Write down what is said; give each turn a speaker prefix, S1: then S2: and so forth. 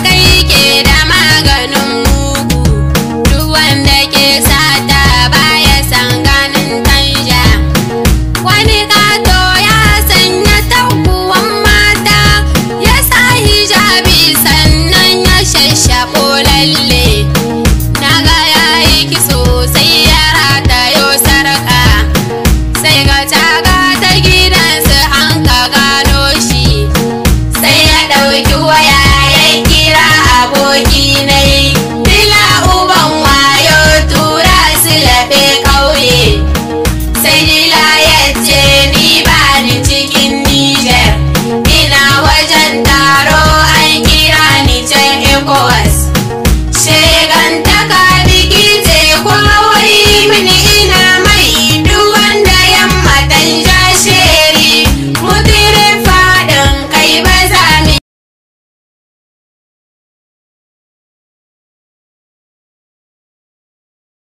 S1: kai ke da maganin